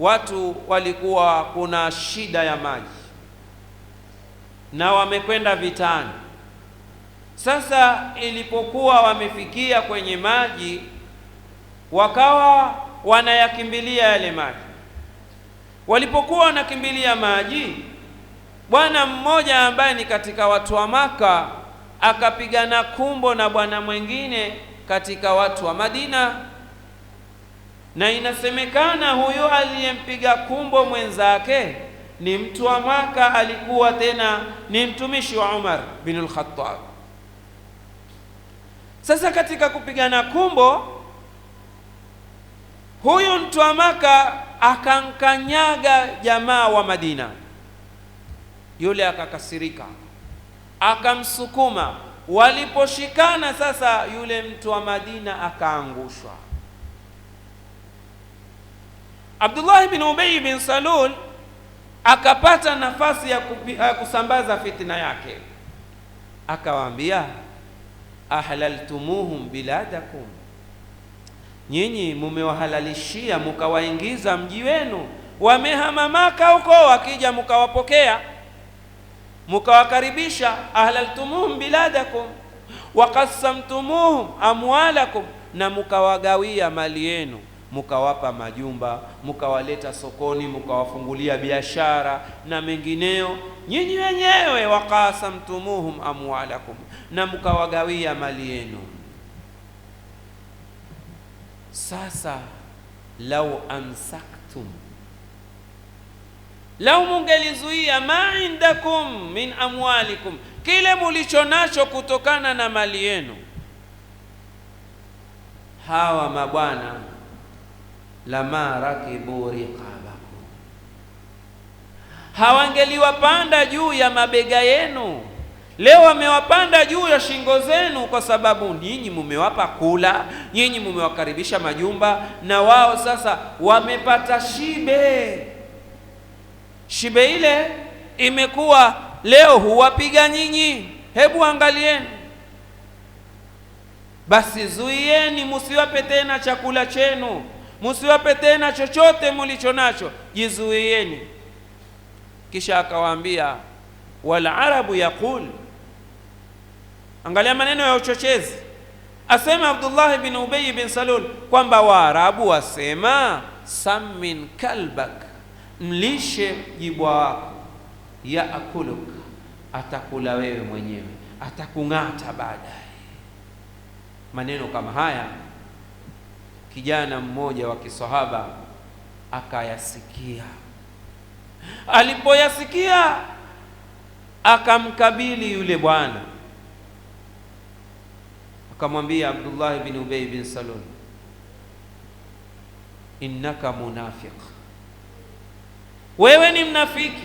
watu walikuwa kuna shida ya maji na wamekwenda vitani. Sasa ilipokuwa wamefikia kwenye maji, wakawa wanayakimbilia yale maji. Walipokuwa wanakimbilia maji, bwana mmoja ambaye ni katika watu wa Maka akapigana kumbo na bwana mwingine katika watu wa Madina na inasemekana huyu aliyempiga kumbo mwenzake ni mtu wa Maka, alikuwa tena ni mtumishi wa Umar bin al-Khattab. Sasa katika kupigana kumbo, huyu mtu wa Maka akankanyaga jamaa wa Madina, yule akakasirika, akamsukuma. Waliposhikana sasa, yule mtu wa Madina akaangushwa Abdullah bin Ubay bin Salul akapata nafasi ya kusambaza fitina yake, akawaambia ahlaltumuhum biladakum, nyinyi mumewahalalishia mukawaingiza mji wenu. Wamehama Maka huko, wakija mukawapokea mukawakaribisha. Ahlaltumuhum biladakum wakasamtumuhum amwalakum, na mukawagawia mali yenu mukawapa majumba, mukawaleta sokoni, mukawafungulia biashara na mengineo nyinyi wenyewe wakasamtumuhum amwalakum, na mukawagawia mali yenu. Sasa lau amsaktum, lau mungelizuia ma indakum min amwalikum, kile mulicho nacho kutokana na mali yenu, hawa mabwana lamarakibu riqabakum, hawangeliwapanda juu ya mabega yenu. Leo wamewapanda juu ya shingo zenu, kwa sababu nyinyi mumewapa kula, nyinyi mumewakaribisha majumba, na wao sasa wamepata shibe. Shibe ile imekuwa leo huwapiga nyinyi. Hebu angalieni basi, zuieni, musiwape tena chakula chenu musiwape tena chochote mulicho nacho, jizuieni. Kisha akawaambia walarabu yaqul, angalia maneno ya uchochezi asema Abdullah bin Ubay bin Salul kwamba Waarabu wasema samin kalbak, mlishe jibwa wako, yaakuluk, atakula wewe mwenyewe, atakung'ata baadaye. Maneno kama haya kijana mmoja wa kisahaba akayasikia. Alipoyasikia akamkabili yule bwana, akamwambia Abdullah bin Ubay bin Salul, innaka munafiq, wewe ni mnafiki.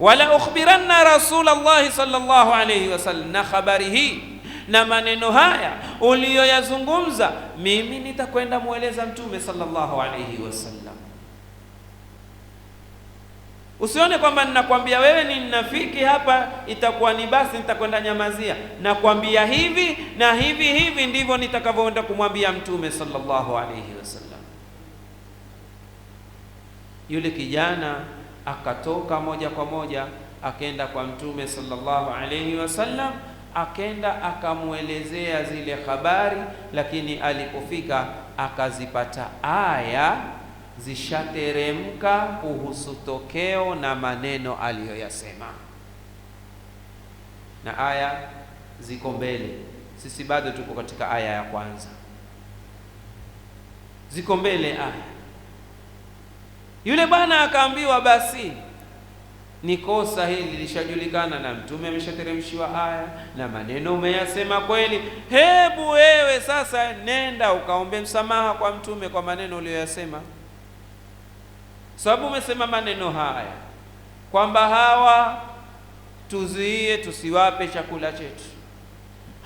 wala ukhbiranna rasulallahi sallallahu alayhi wasallam na khabari hii na maneno haya uliyoyazungumza, mimi nitakwenda mweleza Mtume sallallahu alaihi wasallam. Usione kwamba ninakwambia wewe ni nafiki hapa, itakuwa ni basi nitakwenda nyamazia. Nakwambia hivi na hivi, hivi ndivyo nitakavyoenda kumwambia Mtume sallallahu alayhi wasallam. Yule kijana akatoka moja kwa moja akaenda kwa Mtume sallallahu alaihi wasallam akenda akamwelezea zile habari, lakini alipofika akazipata aya zishateremka kuhusu tokeo na maneno aliyoyasema, na aya ziko mbele. Sisi bado tuko katika aya ya kwanza, ziko mbele aya. Yule bwana akaambiwa basi ni kosa hili lishajulikana, na mtume ameshateremshiwa aya na maneno umeyasema kweli. Hebu wewe sasa nenda ukaombe msamaha kwa mtume kwa maneno uliyoyasema, sababu umesema maneno haya kwamba hawa tuzuie tusiwape chakula chetu,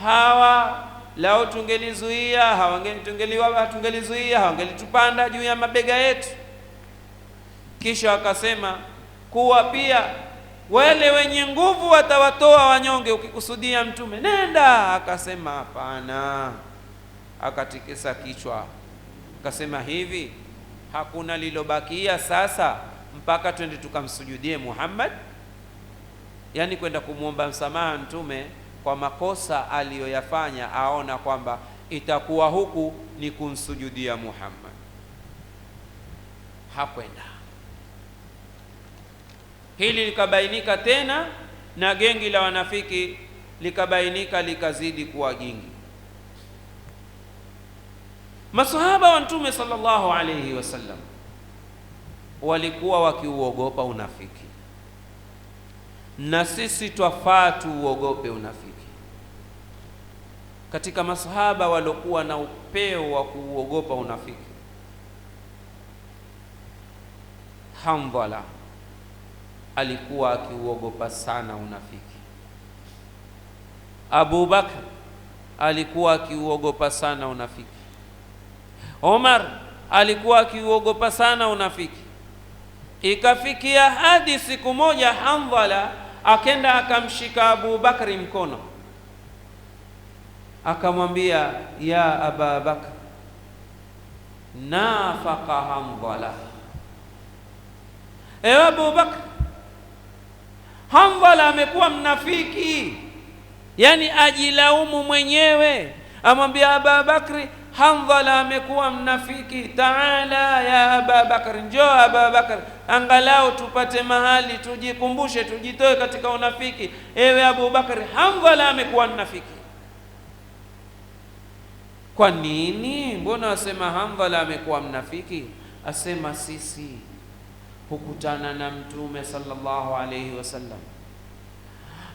hawa lao tungelizuia hawangelizuia hawangelitupanda juu ya mabega yetu. Kisha akasema kuwa pia wale wenye nguvu watawatoa wanyonge, ukikusudia Mtume nenda. Akasema hapana, akatikisa kichwa, akasema hivi, hakuna lilobakia sasa mpaka twende tukamsujudie Muhammad, yaani kwenda kumwomba msamaha Mtume kwa makosa aliyoyafanya, aona kwamba itakuwa huku ni kumsujudia Muhammad. Hakwenda. Hili likabainika tena na gengi la wanafiki likabainika likazidi kuwa jingi. Masahaba wa Mtume sallallahu alayhi wasallam walikuwa wakiuogopa unafiki, na sisi twafaa tuuogope unafiki. Katika masahaba waliokuwa na upeo wa kuuogopa unafiki, Hamdala alikuwa akiuogopa sana unafiki. Abu Bakr alikuwa akiuogopa sana unafiki. Omar alikuwa akiuogopa sana unafiki. Ikafikia hadi siku moja Handhala akenda akamshika Abu Bakri mkono akamwambia, ya Aba Bakr, nafaka Handhala. Ewe Abu Bakr Hanbala amekuwa mnafiki, yani ajilaumu mwenyewe, amwambia Ababakri, Hanbala amekuwa mnafiki. Taala ya Ababakri, njoo Ababakri, angalau tupate mahali tujikumbushe, tujitoe katika unafiki. Ewe Bakri, Hanbala amekuwa mnafiki. Kwa nini? Mbona wasema Hanbala amekuwa mnafiki? Asema sisi hukutana na Mtume sallallahu alayhi wasallam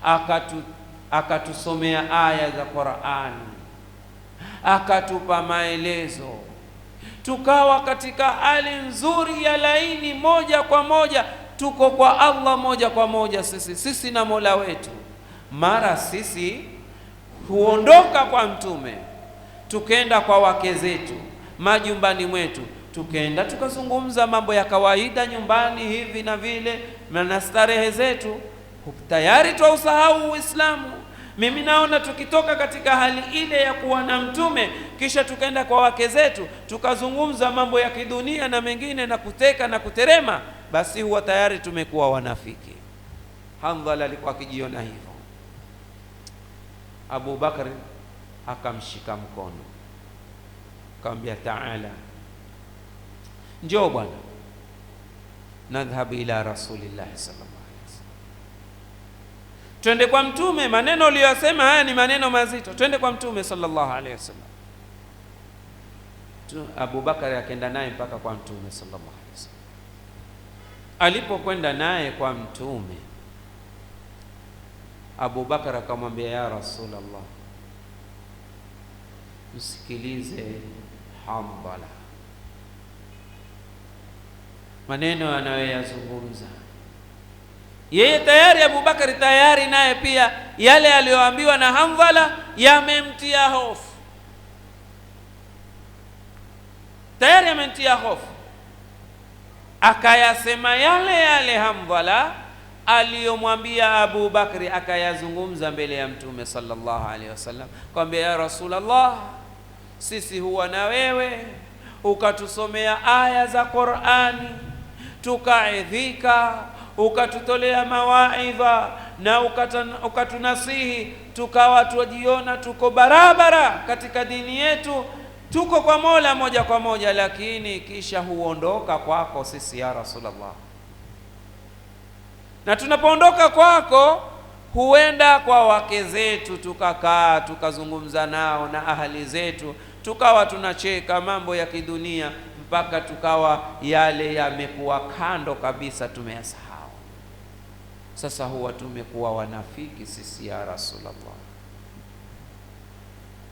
akatu akatusomea aya za Qur'ani, akatupa maelezo, tukawa katika hali nzuri ya laini, moja kwa moja tuko kwa Allah moja kwa moja, sisi sisi na Mola wetu. Mara sisi huondoka kwa Mtume, tukenda kwa wake zetu, majumbani mwetu tukenda tukazungumza mambo ya kawaida nyumbani hivi na vile na starehe zetu, tayari twausahau Uislamu. Mimi naona tukitoka katika hali ile ya kuwa na Mtume, kisha tukaenda kwa wake zetu tukazungumza mambo ya kidunia na mengine na kuteka na kuterema, basi huwa tayari tumekuwa wanafiki. Handhala alikuwa akijiona hivyo. Abu bakari akamshika mkono akamwambia, taala njoo bwana, nadhhabu ila rasulillahi sallallahu alaihi wasallam, twende kwa mtume. Maneno uliyosema haya ni maneno mazito, twende kwa mtume sallallahu alaihi wasallam. Abu Bakari akaenda naye mpaka kwa mtume sallallahu alaihi wasallam. Alipokwenda naye kwa mtume, Abu akamwambia, ya Rasulullah, msikilize Hambala maneno anayoyazungumza yeye tayari. Abubakari tayari naye pia yale aliyoambiwa na Hamdhala yamemtia hofu tayari, yamemtia hofu akayasema yale yale Hamdhala aliyomwambia Abu akayazungumza mbele ya Mtume sallallahu alaihi wasallam, kwambia ya Rasulullah, sisi huwa na wewe ukatusomea aya za Qur'ani tukaidhika, ukatutolea mawaidha na ukatunasihi, tukawa tujiona tuko barabara katika dini yetu, tuko kwa Mola moja kwa moja, lakini kisha huondoka kwako sisi, ya Rasulullah. Na tunapoondoka kwako huenda kwa wake zetu tukakaa tukazungumza nao na ahali zetu, tukawa tunacheka mambo ya kidunia mpaka tukawa yale yamekuwa kando kabisa, tumeyasahau. Sasa huwa tumekuwa wanafiki sisi, ya Rasulullah,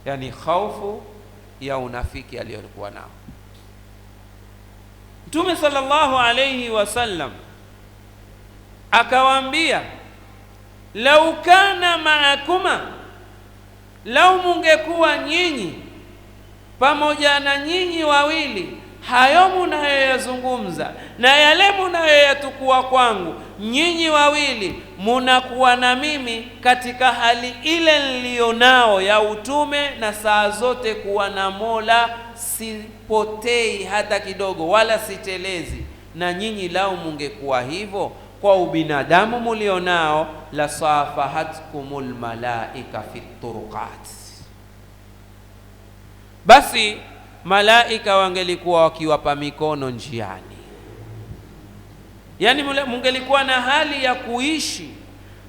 yani khaufu ya unafiki aliyokuwa nao Mtume sallallahu alayhi wasallam akawaambia, lau kana maakuma, lau mungekuwa nyinyi pamoja na nyinyi wawili hayo munayoyazungumza na yale munayoyatukua kwangu, nyinyi wawili munakuwa na mimi katika hali ile niliyonao ya utume, na saa zote kuwa na Mola sipotei hata kidogo, wala sitelezi. Na nyinyi lao mungekuwa hivyo kwa ubinadamu mulionao, la safahatkumul malaika fi turuqat, basi malaika wangelikuwa wakiwapa mikono njiani, yaani mungelikuwa na hali ya kuishi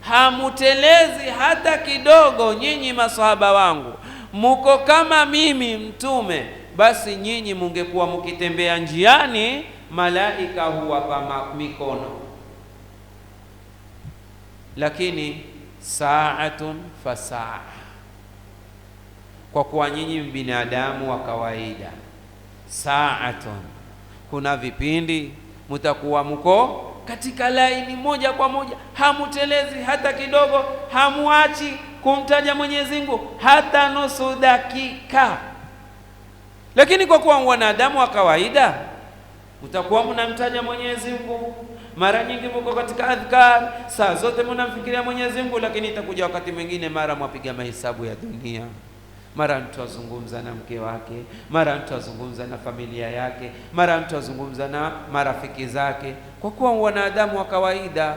hamutelezi hata kidogo. Nyinyi masahaba wangu, muko kama mimi Mtume, basi nyinyi mungekuwa mkitembea njiani, malaika huwapa mikono. Lakini saatun fasaa kwa kuwa nyinyi binadamu wa kawaida, saatun, kuna vipindi mutakuwa mko katika laini moja kwa moja, hamutelezi hata kidogo, hamuachi kumtaja Mwenyezi Mungu hata nusu dakika. Lakini kwa kuwa wanadamu wa kawaida, mtakuwa mnamtaja Mwenyezi Mungu mara nyingi, mko katika adhkar saa zote, mnamfikiria Mwenyezi Mungu, lakini itakuja wakati mwingine, mara mwapiga mahesabu ya dunia mara mtu azungumza na mke wake, mara mtu azungumza na familia yake, mara mtu azungumza na marafiki zake, kwa kuwa wanadamu wa kawaida.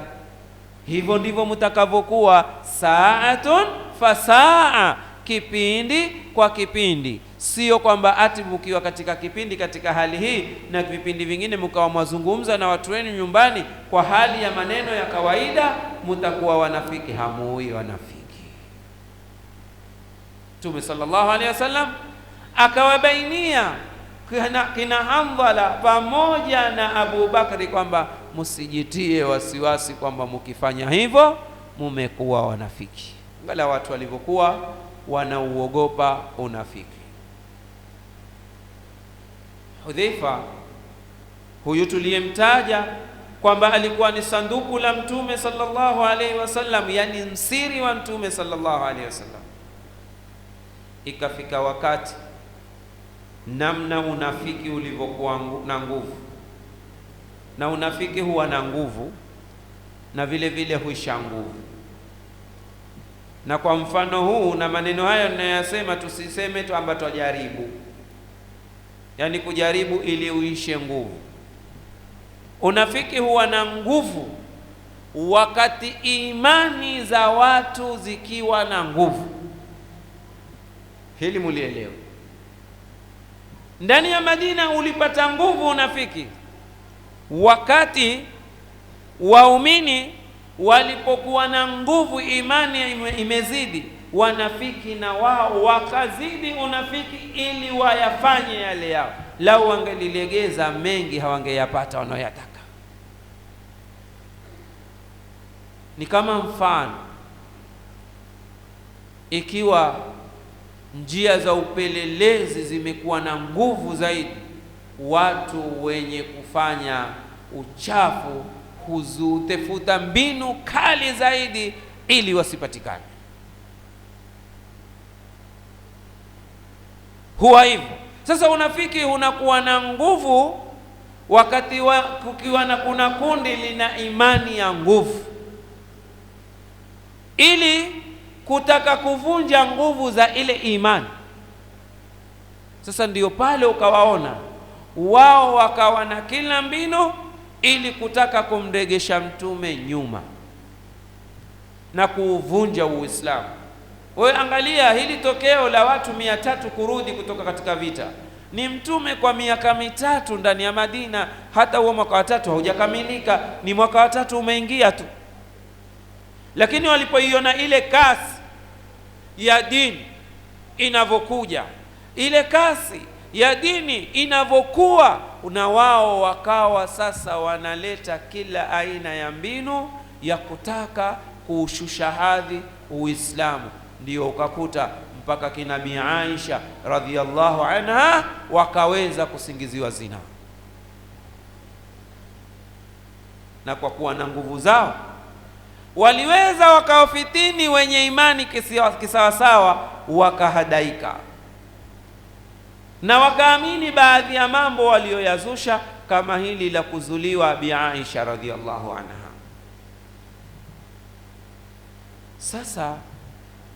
Hivyo ndivyo mtakavyokuwa, saatun fasaa, kipindi kwa kipindi. Sio kwamba ati mkiwa katika kipindi katika hali hii na vipindi vingine mkawa mwazungumza na watu wenu nyumbani kwa hali ya maneno ya kawaida, mtakuwa wanafiki. Hamuui wanafiki. Mtume sallallahu alaihi wasallam akawabainia kina, kina Handhala pamoja na Abu Bakri kwamba msijitie wasiwasi kwamba mkifanya hivyo mumekuwa wanafiki. Angalia watu walivyokuwa wanauogopa unafiki. Hudhaifa huyu tuliyemtaja kwamba alikuwa ni sanduku la Mtume sallallahu alaihi wasallam, yani msiri wa Mtume sallallahu alaihi wasallam Ikafika wakati namna unafiki ulivyokuwa na nguvu, na unafiki huwa na nguvu na vile vile huisha nguvu. Na kwa mfano huu na maneno haya ninayoyasema, tusiseme amba twajaribu, yaani kujaribu ili uishe nguvu. Unafiki huwa na nguvu wakati imani za watu zikiwa na nguvu Hili mulielewe. Ndani ya Madina ulipata nguvu unafiki wakati waumini walipokuwa na nguvu, imani imezidi, wanafiki na wao wakazidi unafiki, ili wayafanye yale yao. Lau wangelilegeza mengi hawangeyapata wanayotaka. Ni kama mfano ikiwa njia za upelelezi zimekuwa na nguvu zaidi. Watu wenye kufanya uchafu huzutafuta mbinu kali zaidi ili wasipatikane. Huwa hivyo. Sasa unafiki unakuwa na nguvu wakati wa kukiwa na kuna kundi lina imani ya nguvu ili kutaka kuvunja nguvu za ile imani. Sasa ndiyo pale ukawaona wao wakawa na kila mbinu ili kutaka kumregesha mtume nyuma na kuuvunja Uislamu. Wewe angalia hili tokeo la watu mia tatu kurudi kutoka katika vita, ni mtume kwa miaka mitatu ndani ya Madina. Hata huo mwaka wa tatu haujakamilika, ni mwaka wa tatu umeingia tu, lakini walipoiona ile kasi ya dini inavyokuja, ile kasi ya dini inavyokuwa, na wao wakawa sasa wanaleta kila aina ya mbinu ya kutaka kuushusha hadhi Uislamu, ndio ukakuta mpaka kina Bi Aisha radhiallahu anha wakaweza kusingiziwa zina, na kwa kuwa na nguvu zao waliweza wakawafitini wenye imani kisawasawa, wakahadaika na wakaamini baadhi ya mambo walioyazusha kama hili la kuzuliwa Bi Aisha radhiallahu anha. Sasa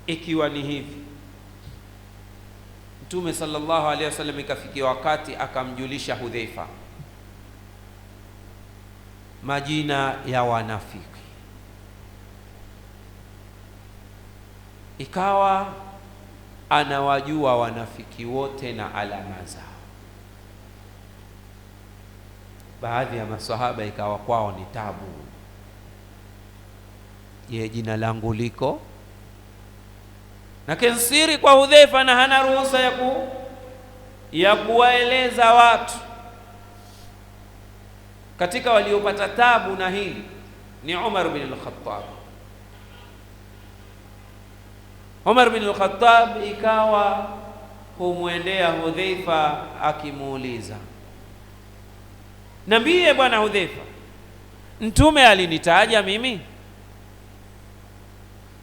ikiwa ni hivi, Mtume sallallahu alaihi wasallam ikafikia wakati akamjulisha Hudhaifa majina ya wanafiki ikawa anawajua wanafiki wote na alama zao. Baadhi ya maswahaba ikawa kwao ni tabu. Je, jina langu liko na kensiri kwa Hudhaifa na hana ruhusa ya ku ya kuwaeleza watu. Katika waliopata tabu na hili ni Umar bin al-Khattab Umar bin khattab ikawa humwendea Hudhaifa akimuuliza, niambie bwana Hudhaifa, mtume alinitaja mimi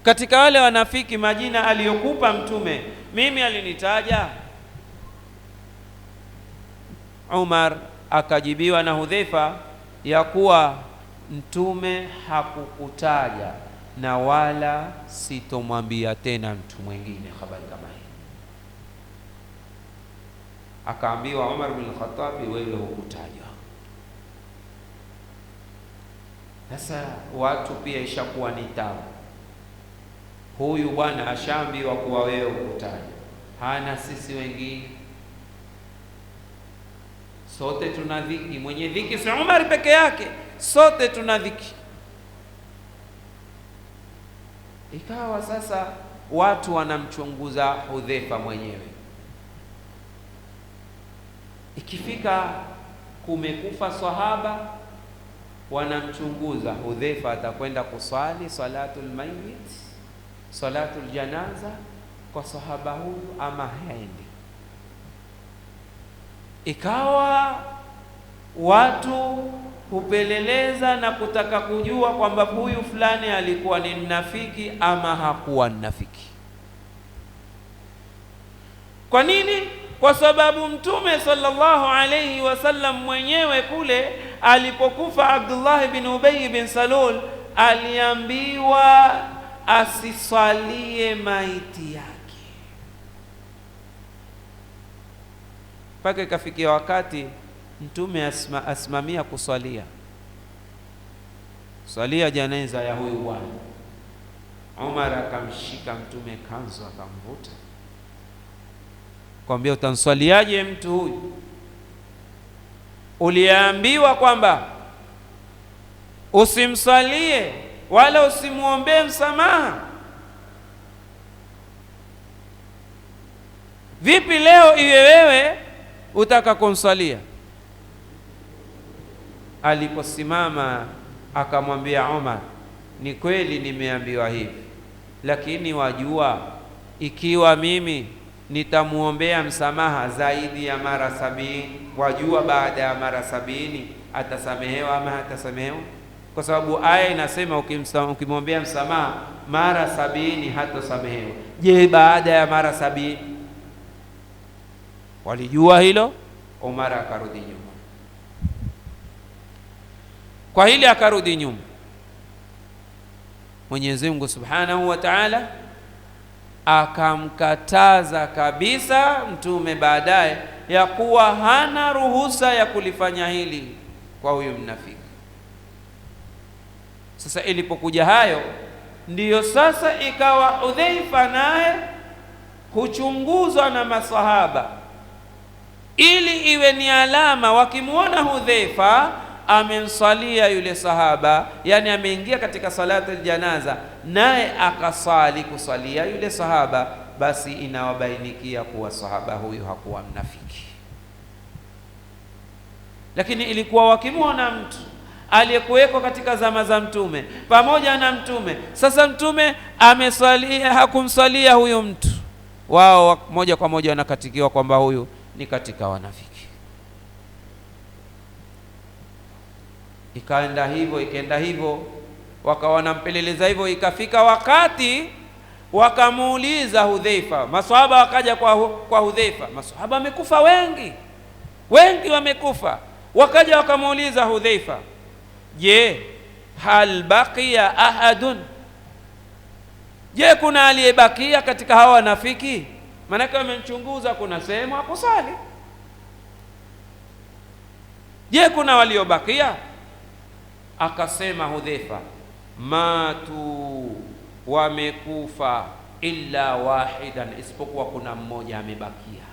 katika wale wanafiki majina aliyokupa mtume, mimi alinitaja? Umar akajibiwa na Hudhaifa ya kuwa mtume hakukutaja na wala sitomwambia tena mtu mwingine habari kama hii. Akaambiwa Umar bin Khattab, wewe hukutajwa. Sasa watu pia ishakuwa ni tabu. Huyu bwana ashaambiwa kuwa wewe hukutajwa, hana sisi wengine sote tuna dhiki. Mwenye dhiki si Umar peke yake, sote tuna dhiki. Ikawa sasa watu wanamchunguza Hudhaifa mwenyewe, ikifika kumekufa swahaba, wanamchunguza Hudhaifa atakwenda kuswali salatul mayyit, salatul janaza kwa sahaba huyu ama haendi. Ikawa watu kupeleleza na kutaka kujua kwamba huyu fulani alikuwa ni mnafiki ama hakuwa mnafiki. Kwa nini? Kwa sababu Mtume sallallahu alayhi wasallam mwenyewe kule alipokufa Abdullah bin Ubay bin Salul aliambiwa asiswalie maiti yake mpaka ikafikia wakati Mtume asma, asimamia kuswalia swalia janaiza ya huyu bwana. Umar akamshika Mtume kanzu akamvuta, kwambia utamswaliaje mtu huyu? Uliambiwa kwamba usimswalie wala usimwombee msamaha. Vipi leo iwe wewe utaka kumswalia? aliposimama akamwambia Omar, ni kweli nimeambiwa hivi, lakini wajua, ikiwa mimi nitamwombea msamaha zaidi ya mara sabini, wajua baada ya mara sabini atasamehewa ama hatasamehewa? Kwa sababu aya inasema ukimwombea msamaha mara sabini hatosamehewa Je, baada ya mara sabini? Walijua hilo. Omar akarudi nyuma kwa hili akarudi nyuma. Mwenyezi Mungu Subhanahu wa Ta'ala akamkataza kabisa mtume baadaye ya kuwa hana ruhusa ya kulifanya hili kwa huyu mnafiki. Sasa ilipokuja hayo ndiyo sasa ikawa hudheifa naye huchunguzwa na masahaba ili iwe ni alama, wakimwona Hudhaifa amemswalia yule sahaba, yani ameingia katika salati aljanaza, naye akasali kusalia yule sahaba, basi inawabainikia kuwa sahaba huyu hakuwa mnafiki. Lakini ilikuwa wakimwona mtu aliyekuwekwa katika zama za mtume pamoja na mtume, sasa mtume amesalia, hakumsalia huyu mtu, wao moja kwa moja wanakatikiwa kwamba huyu ni katika wanafiki. Ikaenda hivyo ikaenda hivyo, wakawa wanampeleleza hivyo. Ikafika wakati wakamuuliza Hudhaifa, maswahaba wakaja kwa, kwa Hudhaifa, maswahaba wamekufa wengi wengi, wamekufa. Wakaja wakamuuliza Hudhaifa, je, hal baqiya ahadun, je, kuna aliyebakia katika hawa wanafiki? Maanake wamemchunguza, kuna sehemu hakusali. Je, kuna waliobakia? Akasema Hudhaifa, matu wamekufa illa wahidan, isipokuwa kuna mmoja amebakia.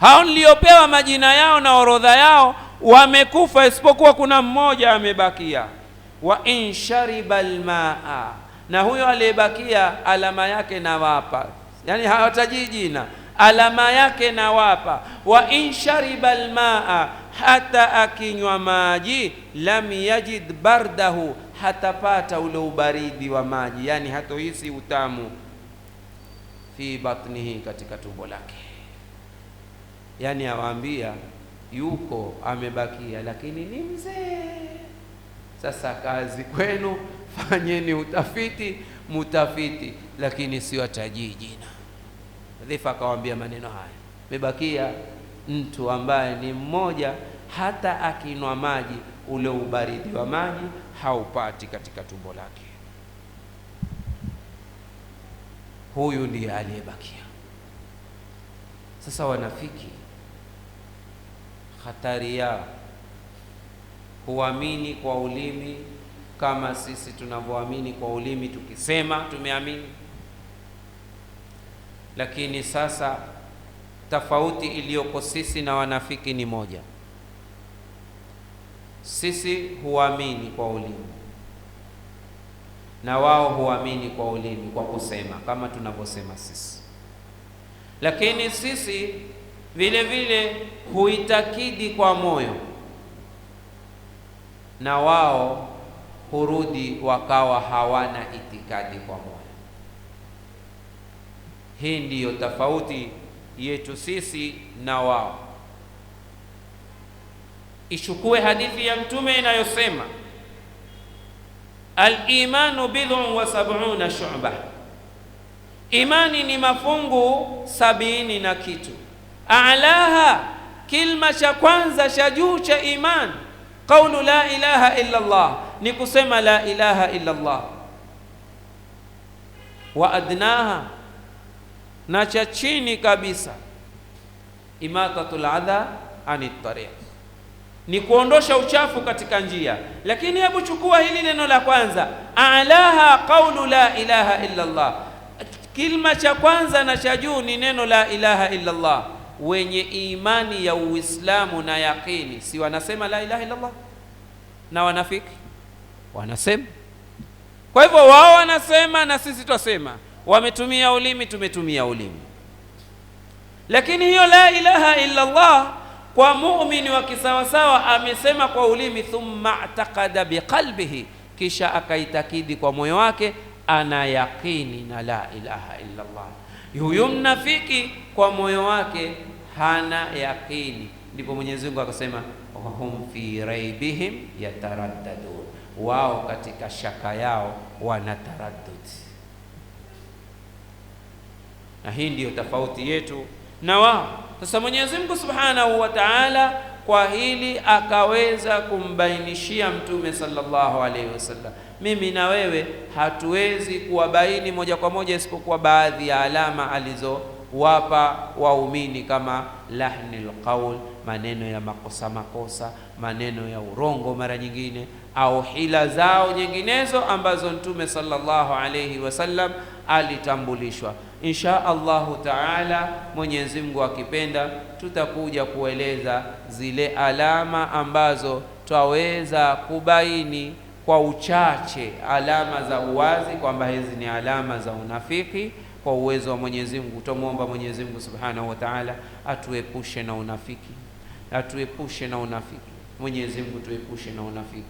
Hao niliopewa majina yao na orodha yao wamekufa, isipokuwa kuna mmoja amebakia. Wa in shariba almaa, na huyo aliyebakia alama yake nawapa, yani hawatajii jina, alama yake nawapa. Wa in shariba almaa hata akinywa maji lam yajid bardahu, hatapata ule ubaridi wa maji, yani hatohisi utamu fi batnihi, katika tumbo lake. Yani awaambia yuko amebakia, lakini ni mzee. Sasa kazi kwenu, fanyeni utafiti, mutafiti, lakini sio atajii jina dhifa. Akawaambia maneno haya, mebakia mtu ambaye ni mmoja, hata akinwa maji ule ubaridi wa maji haupati katika tumbo lake. Huyu ndiye aliyebakia. Sasa wanafiki, hatari yao huamini kwa ulimi kama sisi tunavyoamini kwa ulimi, tukisema tumeamini, lakini sasa Tofauti iliyoko sisi na wanafiki ni moja, sisi huamini kwa ulimi na wao huamini kwa ulimi, kwa kusema kama tunavyosema sisi, lakini sisi vile vile huitakidi kwa moyo na wao hurudi wakawa hawana itikadi kwa moyo. Hii ndiyo tofauti yetu sisi na wao. Ishukue hadithi ya Mtume inayosema al-imanu bid'un wa sab'una shuba imani ni mafungu sabini na kitu. Alaha, kilma cha kwanza cha juu cha iman qaulu la ilaha illa Allah, ni kusema la ilaha illa Allah. Wa adnaha na cha chini kabisa imatatul adha anit tariq, ni kuondosha uchafu katika njia. Lakini hebu chukua hili neno la kwanza, alaha qaulu la ilaha illa Allah. Kilma cha kwanza na cha juu ni neno la ilaha illa Allah. Wenye imani ya Uislamu na yaqini, si wanasema la ilaha illa Allah? Na wanafiki wanasema. Kwa hivyo wao wanasema na sisi twasema wametumia ulimi, tumetumia ulimi. Lakini hiyo la ilaha illa Allah kwa muumini wa kisawasawa amesema kwa ulimi, thumma ataqada biqalbihi, kisha akaitakidi kwa moyo wake, ana yaqini na la ilaha illa Allah. Huyu mnafiki kwa moyo wake hana yaqini, ndipo Mwenyezi Mungu akasema wahum fi raibihim yataraddadun, wao katika shaka yao wanataraddudi na hii ndiyo tofauti yetu na wao. Sasa Mwenyezi Mungu Subhanahu wa Ta'ala kwa hili akaweza kumbainishia Mtume sallallahu alaihi wasallam. Mimi na wewe hatuwezi kuwabaini moja kwa moja, isipokuwa baadhi ya alama alizowapa waumini kama lahnil qaul, maneno ya makosa makosa, maneno ya urongo mara nyingine, au hila zao nyinginezo ambazo Mtume sallallahu alaihi wasallam alitambulishwa Insha Allahu taala, Mwenyezi Mungu akipenda, tutakuja kueleza zile alama ambazo twaweza kubaini kwa uchache, alama za uwazi kwamba hizi ni alama za unafiki. Kwa uwezo wa Mwenyezi Mungu tutamwomba Mwenyezi Mungu Subhanahu wa Ta'ala atuepushe na unafiki, atuepushe na unafiki. Mwenyezi Mungu tuepushe na unafiki,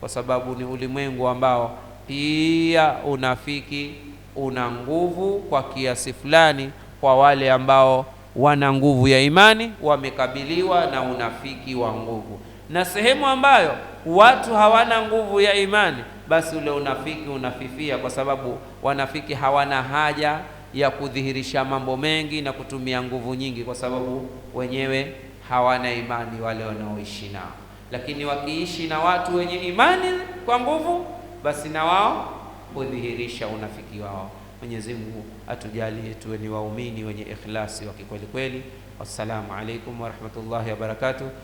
kwa sababu ni ulimwengu ambao pia unafiki una nguvu kwa kiasi fulani kwa wale ambao wana nguvu ya imani, wamekabiliwa na unafiki wa nguvu. Na sehemu ambayo watu hawana nguvu ya imani, basi ule unafiki unafifia, kwa sababu wanafiki hawana haja ya kudhihirisha mambo mengi na kutumia nguvu nyingi, kwa sababu wenyewe hawana imani wale wanaoishi nao. Lakini wakiishi na watu wenye imani kwa nguvu, basi na wao kudhihirisha unafiki wao. Mwenyezi Mungu atujalie tuwe ni waumini wenye ikhlasi wa kikweli kweli. Wassalamu alaikum warahmatullahi wabarakatuh.